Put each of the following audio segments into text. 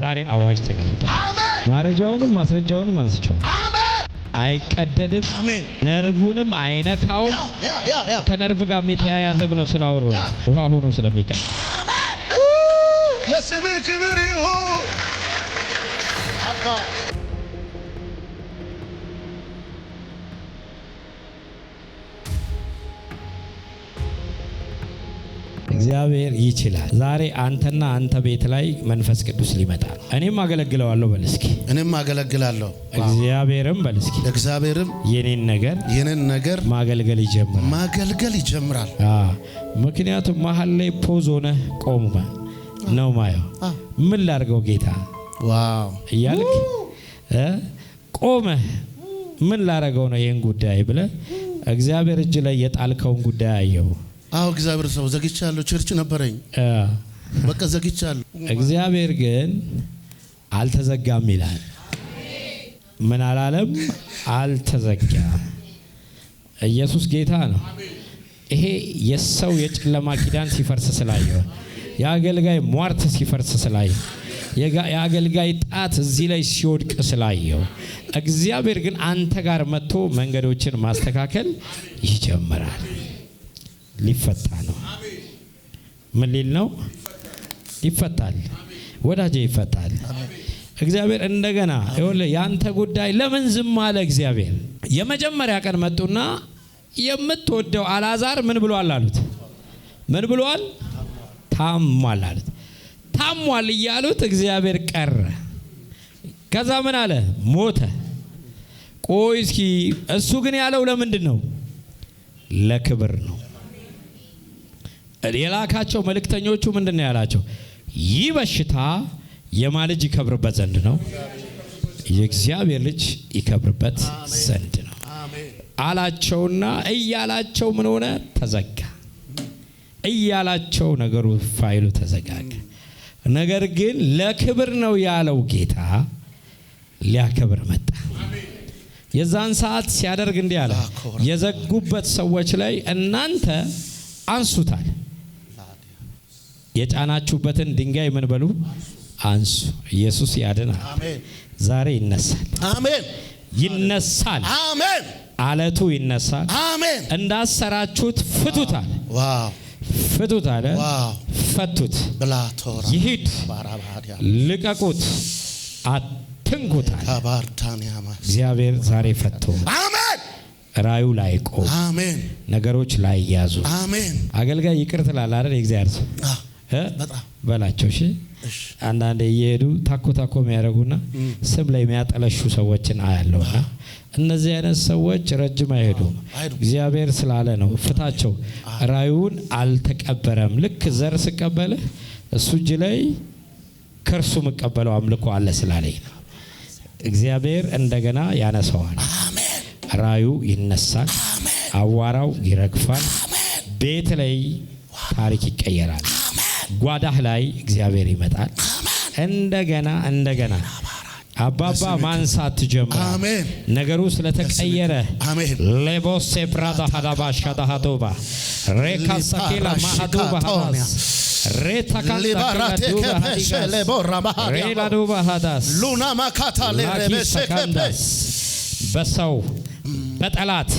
ዛሬ አዋጅ ተገኝቷል። መረጃውንም ማስረጃውንም አንስቸው አይቀደድም፣ ነርቡንም አይነካውም። ከነርቭ ጋር የሚተያያዘብ ነው ስላወሩ ውሃ ሆኖ ስለሚቀር ለስምህ ክብር ይሁን። እግዚአብሔር ይችላል። ዛሬ አንተና አንተ ቤት ላይ መንፈስ ቅዱስ ሊመጣ ነው። እኔም አገለግለዋለሁ በል እስኪ፣ እኔም አገለግላለሁ። እግዚአብሔርም በል እስኪ፣ እግዚአብሔርም የኔን ነገር የኔን ነገር ማገልገል ይጀምራል፣ ማገልገል ይጀምራል። ምክንያቱም መሀል ላይ ፖዝ ሆነ ቆመ ነው ማየው። ምን ላድርገው ጌታ እያልክ ቆመ ምን ላረገው ነው ይህን ጉዳይ ብለ እግዚአብሔር እጅ ላይ የጣልከውን ጉዳይ አየው። አዎ እግዚአብሔር ሰው ዘግቻለሁ። ቸርች ነበረኝ፣ በቃ ዘግቻለሁ። እግዚአብሔር ግን አልተዘጋም ይላል። ምን አላለም? አልተዘጋም። ኢየሱስ ጌታ ነው። ይሄ የሰው የጨለማ ኪዳን ሲፈርስ ስላየው የአገልጋይ ሟርት ሲፈርስ ስላየ የአገልጋይ ጣት እዚህ ላይ ሲወድቅ ስላየው እግዚአብሔር ግን አንተ ጋር መጥቶ መንገዶችን ማስተካከል ይጀምራል። ሊፈታ ነው። ምን ሊል ነው? ይፈታል። ወዳጄ ይፈታል። እግዚአብሔር እንደገና ይኸውልህ፣ ያንተ ጉዳይ ለምን ዝም አለ? እግዚአብሔር የመጀመሪያ ቀን መጡና የምትወደው አላዛር ምን ብሏል አሉት። ምን ብሏል? ታሟል አሉት። ታሟል እያሉት እግዚአብሔር ቀረ። ከዛ ምን አለ? ሞተ። ቆይ እስኪ እሱ ግን ያለው ለምንድን ነው? ለክብር ነው። የላካቸው መልእክተኞቹ ምንድን ነው ያላቸው? ይህ በሽታ የማ ልጅ ይከብርበት ዘንድ ነው፣ የእግዚአብሔር ልጅ ይከብርበት ዘንድ ነው አላቸውና እያላቸው ምን ሆነ? ተዘጋ። እያላቸው ነገሩ ፋይሉ ተዘጋገ። ነገር ግን ለክብር ነው ያለው ጌታ ሊያከብር መጣ። የዛን ሰዓት ሲያደርግ እንዲህ አለ፣ የዘጉበት ሰዎች ላይ እናንተ አንሱታል የጫናችሁበትን ድንጋይ ምን በሉ አንሱ። ኢየሱስ ያድናል። ዛሬ ይነሳል። አሜን። ይነሳል። አሜን። አለቱ ይነሳል። አሜን። እንዳሰራችሁት ፍቱት አለ። ፍቱት አለ። ፈቱት። ይሂድ፣ ልቀቁት፣ አትንኩት አለ። እግዚአብሔር ዛሬ ፈቶ አሜን። ራዩ ላይ ቆም፣ ነገሮች ላይ ያዙ። አሜን። አገልጋይ ይቅር ትላል አይደል? የእግዚአብሔር ሰው በላቸው። እሺ አንዳንዴ እየሄዱ ታኮ ታኮ የሚያደርጉና ስም ላይ የሚያጠለሹ ሰዎችን አያለውና እነዚህ አይነት ሰዎች ረጅም አይሄዱ እግዚአብሔር ስላለ ነው ፍታቸው። ራዩን አልተቀበረም። ልክ ዘር ስቀበልህ እሱ እጅ ላይ ከእርሱ የምቀበለው አምልኮ አለ ስላለኝ ነው። እግዚአብሔር እንደገና ያነሳዋል። ራዩ ይነሳል፣ አዋራው ይረግፋል፣ ቤት ላይ ታሪክ ይቀየራል። ጓዳህ ላይ እግዚአብሔር ይመጣል። እንደገና እንደገና አባባ ማንሳት ትጀምራል። ነገሩ ስለተቀየረ ሌቦሴ ብራዳ ሀዳባ ሻዳሃዶባ ሬካ ሰኬላ ማሃዶባ በሰው በጠላት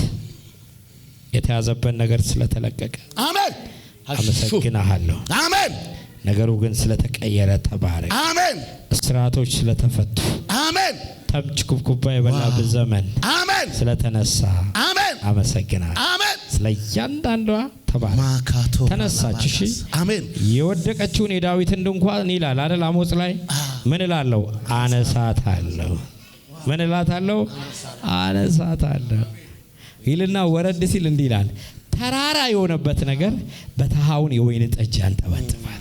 የተያዘበት ነገር ስለተለቀቀ አሜን አመሰግናሃለሁ። አሜን። ነገሩ ግን ስለተቀየረ ተባረክ። አሜን። እስራቶች ስለተፈቱ አሜን። ተምች ኩብኩባ የበላበት ዘመን አሜን ስለተነሳ አሜን። አመሰግናለሁ። አሜን። ስለ እያንዳንዷ ተባረክ። ተነሳች። እሺ፣ አሜን። የወደቀችውን የዳዊትን ድንኳን ይላል አይደል አሞጽ ላይ ምን እላለሁ? አነሳታለሁ። ምን እላታለሁ? አነሳታለሁ ይልና ወረድ ሲል እንዲህ ይላል ተራራ የሆነበት ነገር በተሃውን የወይን ጠጅ ያንጠባጥባል።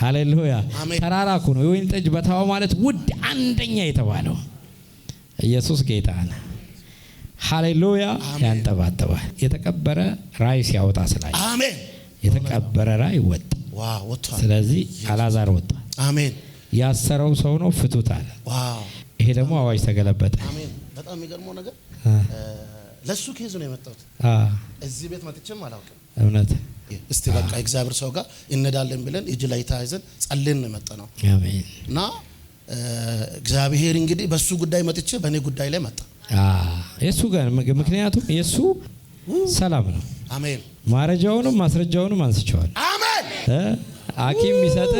ሃሌሉያ! ተራራ እኮ ነው የወይን ጠጅ በተሃው ማለት ውድ አንደኛ የተባለው ኢየሱስ ጌታ ነው። ሃሌሉያ! ያንጠባጥባል። የተቀበረ ራእይ ሲያወጣ ስላየ አሜን። የተቀበረ ራእይ ወጣ። ስለዚህ አላዛር ወጣ። አሜን። ያሰረው ሰው ነው ፍቱት አለ። ይሄ ደግሞ አዋጅ ተገለበጠ። አሜን። በጣም የሚገርመው ነገር ኬዝ ነው የመጣሁት እዚህ ቤት መጥቼም አላውቅም። እውነት እስቲ በቃ እግዚአብሔር ሰው ጋር እንዳለን ብለን እጅ ላይ ተያይዘን ጸልን መጠ ነው እና እግዚአብሔር እንግዲህ በሱ ጉዳይ መጥቼ በእኔ ጉዳይ ላይ መጣ። የእሱ ጋር ምክንያቱም የእሱ ሰላም ነው። አሜን። ማረጃውንም ማስረጃውንም አንስቸዋል። አሜን። ሐኪም የሚሰጥ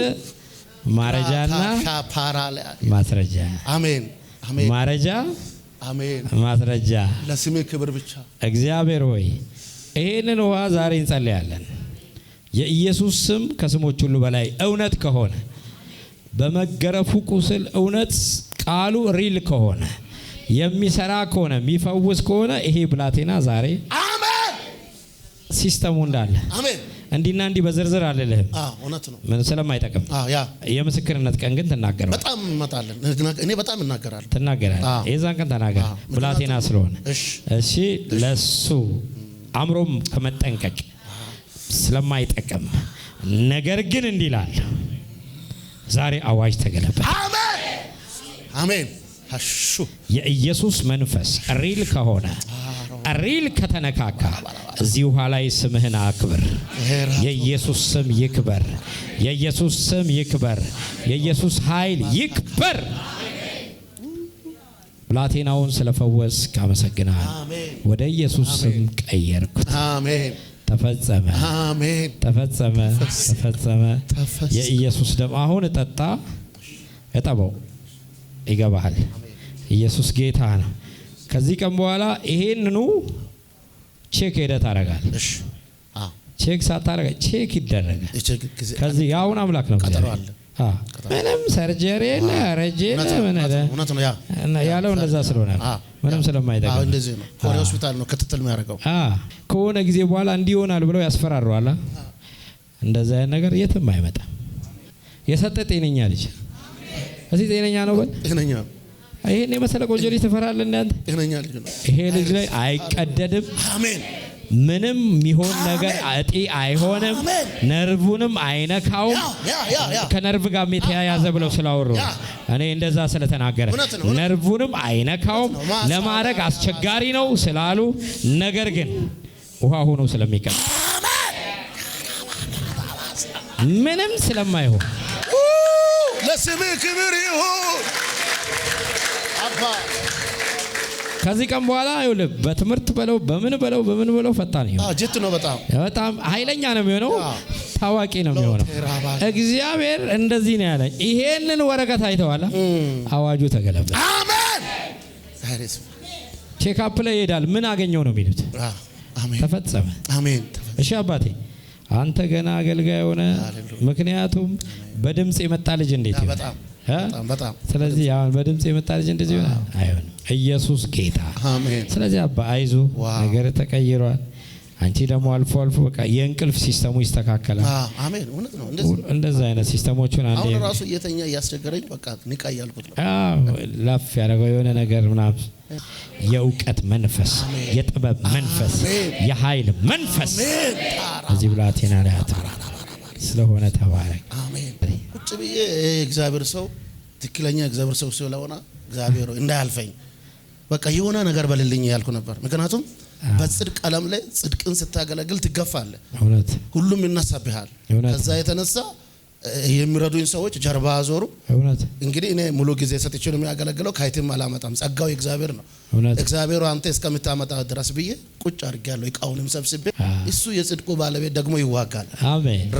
ማረጃና ማስረጃ አሜን። ማረጃ አሜን። ማስረጃ ለስሜ ክብር ብቻ እግዚአብሔር ሆይ ይሄንን ውሃ ዛሬ እንጸለያለን። የኢየሱስ ስም ከስሞች ሁሉ በላይ እውነት ከሆነ በመገረፉ ቁስል እውነት ቃሉ ሪል ከሆነ የሚሰራ ከሆነ የሚፈውስ ከሆነ ይሄ ብላቴና ዛሬ ሲስተሙ እንዳለ እንዲና እንዲህ በዝርዝር አልልህም፣ ምን ስለማይጠቅም የምስክርነት ቀን ግን ትናገራለህ። በጣም እመጣለን። እኔ በጣም እናገራለሁ። ትናገራለህ። የዛን ቀን ተናገር ብላቴና ስለሆነ እሺ። ለሱ አእምሮም ከመጠንቀቅ ስለማይጠቅም ነገር ግን እንዲላል ዛሬ አዋጅ ተገለበጠ። አሜን አሜን። የኢየሱስ መንፈስ ሪል ከሆነ ሪል ከተነካካ እዚህ ውሃ ላይ ስምህን አክብር። የኢየሱስ ስም ይክበር። የኢየሱስ ስም ይክበር። የኢየሱስ ኃይል ይክበር። ብላቴናውን ስለፈወስ አመሰግናል ወደ ኢየሱስ ስም ቀየርኩት። አሜን። ተፈጸመ፣ ተፈጸመ፣ ተፈጸመ። የኢየሱስ ደም አሁን እጠጣ፣ እጠበው። ይገባሃል። ኢየሱስ ጌታ ነው። ከዚህ ቀን በኋላ ይሄንኑ ቼክ ሄደህ ታደርጋለህ። ቼክ ሳታደርግ ቼክ ይደረጋል። ከዚህ የአሁን አምላክ ነው። ምንም ሰርጀሪ የለ ረጄ ያለው እንደዛ ስለሆነ ምንም ስለማይጠቅም ከሆነ ጊዜ በኋላ እንዲህ ይሆናል ብለው ያስፈራረዋል። እንደዛ አይነት ነገር የትም አይመጣም። የሰጠ ጤነኛ ልጅ እዚህ ጤነኛ ነው በል ይሄን የመሰለ ቆንጆ ልጅ ትፈራለህ? እናንተ ጤነኛ ልጅ ይሄ ልጅ ላይ አይቀደድም። አሜን ምንም የሚሆን ነገር እጢ አይሆንም፣ ነርቡንም አይነካውም። ከነርቭ ጋር የተያያዘ ብለው ስላወሩ እኔ እንደዛ ስለተናገረ ነርቡንም አይነካውም ለማድረግ አስቸጋሪ ነው ስላሉ፣ ነገር ግን ውሃ ሆኖ ስለሚቀር ምንም ስለማይሆን ለስምህ ክብር ይሁን አባ ከዚህ ቀን በኋላ ይኸውልህ በትምህርት በለው በምን በለው በምን በለው ፈጣን ጅት ነው በጣም በጣም ኃይለኛ ነው የሚሆነው፣ ታዋቂ ነው የሚሆነው። እግዚአብሔር እንደዚህ ነው ያለ። ይሄንን ወረቀት አይተዋላ፣ አዋጁ ተገለበጠ። አሜን። ቼካፕ ላይ ይሄዳል። ምን አገኘው ነው የሚሉት። ተፈጸመ። አሜን። እሺ አባቴ አንተ ገና አገልጋይ ሆነ። ምክንያቱም በድምፅ የመጣ ልጅ እንዴት ይሆናል? ስለዚህ አሁን በድምፅ የመጣ ልጅ እንደዚህ ሆነ አይሆንም። ኢየሱስ ጌታ። ስለዚህ አባ አይዞ፣ ነገር ተቀይሯል። አንቺ ደግሞ አልፎ አልፎ በቃ የእንቅልፍ ሲስተሙ ይስተካከላል። አሜን። እውነት ነው። እንደዛ አይነት ሲስተሞቹን አንዴ አሁን ራሱ እየተኛ እያስቸገረኝ በቃ ንቃ እያልኩት ነው። ላፍ ያደረገው የሆነ ነገር ምናምን የእውቀት መንፈስ፣ የጥበብ መንፈስ፣ የኃይል መንፈስ እዚህ ብላቴና ላይ ስለሆነ ተባረክ። አሜን። ቁጭ ብዬ እግዚአብሔር ሰው ትክክለኛ እግዚአብሔር ሰው ስለሆነ እግዚአብሔር እንዳያልፈኝ በቃ የሆነ ነገር በልልኝ ያልኩ ነበር። ምክንያቱም በጽድቅ ዓለም ላይ ጽድቅን ስታገለግል ትገፋለህ። ሁሉም ይነሳብሃል። ከዛ የተነሳ የሚረዱኝ ሰዎች ጀርባ አዞሩ። እንግዲህ እኔ ሙሉ ጊዜ ሰጥቼ ነው የሚያገለግለው። ከየትም አላመጣም። ጸጋው እግዚአብሔር ነው። እግዚአብሔሩ አንተ እስከምታመጣ ድረስ ብዬ ቁጭ አድርጌያለሁ። እቃውንም ሰብስቤ እሱ የጽድቁ ባለቤት ደግሞ ይዋጋል።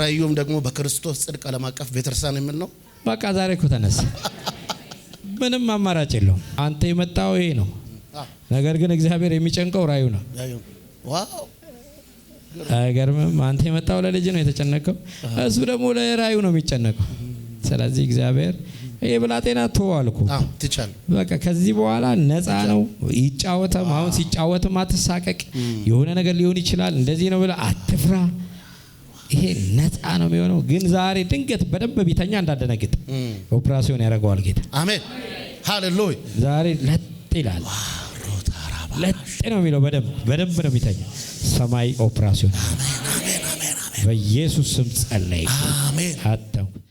ራዩም ደግሞ በክርስቶስ ጽድቅ ዓለም አቀፍ ቤተክርስቲያን የምል ነው። በቃ ዛሬ እኮ ምንም አማራጭ የለውም። አንተ የመጣው ይሄ ነው። ነገር ግን እግዚአብሔር የሚጨንቀው ራዩ ነው። አይገርምም? አንተ የመጣው ለልጅ ነው የተጨነቀው፣ እሱ ደግሞ ለራዩ ነው የሚጨነቀው። ስለዚህ እግዚአብሔር የብላቴና ተዋልኩ በቃ ከዚህ በኋላ ነፃ ነው። ይጫወተም አሁን ሲጫወትም አትሳቀቅ። የሆነ ነገር ሊሆን ይችላል። እንደዚህ ነው ብለህ አትፍራ። ይሄ ነፃ ነው የሚሆነው። ግን ዛሬ ድንገት በደንብ ቢተኛ እንዳደነግጥ ኦፕራሲዮን ያደርገዋል ጌታ። አሜን፣ ሃሌሉያ። ዛሬ ለጥ ይላል። ለጥ ነው የሚለው በደንብ በደንብ ነው የሚተኛ። ሰማይ ኦፕራሲዮን በኢየሱስ ስም ጸለይ። አሜን።